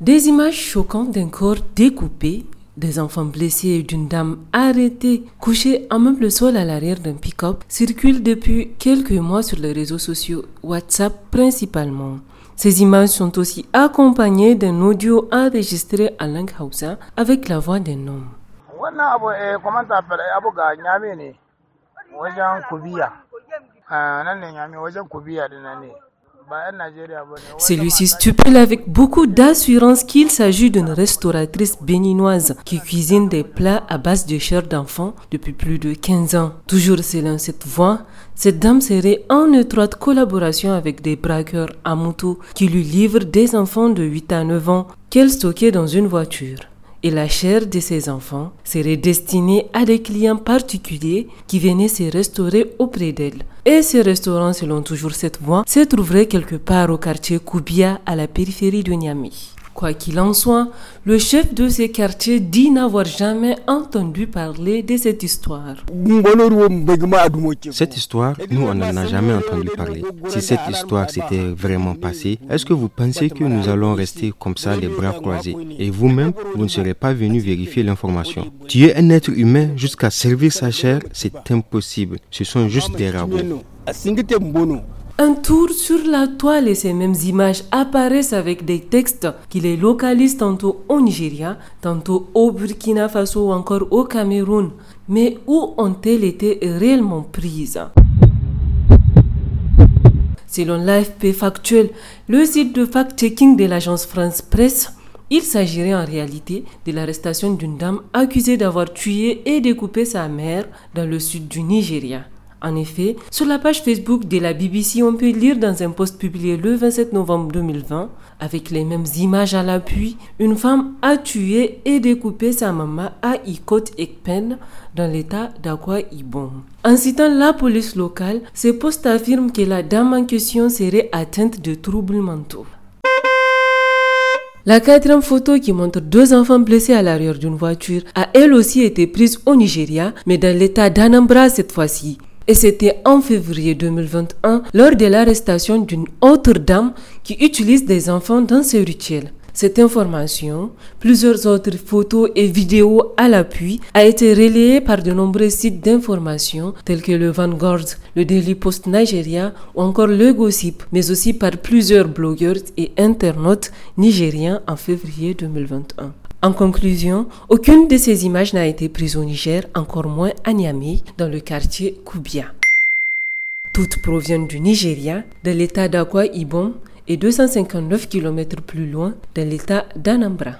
Des images choquantes d'un corps découpé, des enfants blessés et d'une dame arrêtée couchée en meuble sol à l'arrière d'un pick-up circulent depuis quelques mois sur les réseaux sociaux WhatsApp principalement. Ces images sont aussi accompagnées d'un audio enregistré à langue avec la voix d'un homme. Eh, bah, Celui-ci stupule avec beaucoup d'assurance qu'il s'agit d'une restauratrice béninoise qui cuisine des plats à base de chair d'enfant depuis plus de 15 ans. Toujours selon cette voix, cette dame serait en étroite collaboration avec des braqueurs à moto qui lui livrent des enfants de 8 à 9 ans qu'elle stockait dans une voiture et la chair de ses enfants serait destinée à des clients particuliers qui venaient se restaurer auprès d'elle. Et ce restaurant, selon toujours cette voie, se trouverait quelque part au quartier Koubia à la périphérie de Niamey. Quoi qu'il en soit, le chef de ces quartiers dit n'avoir jamais entendu parler de cette histoire. Cette histoire, nous, on n'en a jamais entendu parler. Si cette histoire s'était vraiment passée, est-ce que vous pensez que nous allons rester comme ça les bras croisés Et vous-même, vous ne serez pas venu vérifier l'information. Tuer un être humain jusqu'à servir sa chair, c'est impossible. Ce sont juste des rabots. Un tour sur la toile et ces mêmes images apparaissent avec des textes qui les localisent tantôt au Nigeria, tantôt au Burkina Faso ou encore au Cameroun. Mais où ont-elles été réellement prises Selon l'AFP Factuel, le site de fact-checking de l'agence France Presse, il s'agirait en réalité de l'arrestation d'une dame accusée d'avoir tué et découpé sa mère dans le sud du Nigeria. En effet, sur la page Facebook de la BBC, on peut lire dans un post publié le 27 novembre 2020, avec les mêmes images à l'appui, une femme a tué et découpé sa maman à Ikot Ekpen dans l'état d'Akwa Ibom. En citant la police locale, ce post affirme que la dame en question serait atteinte de troubles mentaux. La quatrième photo qui montre deux enfants blessés à l'arrière d'une voiture a elle aussi été prise au Nigeria, mais dans l'état d'Anambra cette fois-ci. Et c'était en février 2021, lors de l'arrestation d'une autre dame qui utilise des enfants dans ses rituels. Cette information, plusieurs autres photos et vidéos à l'appui, a été relayée par de nombreux sites d'information tels que le Vanguard, le Daily Post Nigeria ou encore le Gossip, mais aussi par plusieurs blogueurs et internautes nigériens en février 2021. En conclusion, aucune de ces images n'a été prise au Niger, encore moins à Niamey, dans le quartier Koubia. Toutes proviennent du Nigeria, de l'état d'Akwa Ibom et 259 km plus loin de l'état d'Anambra.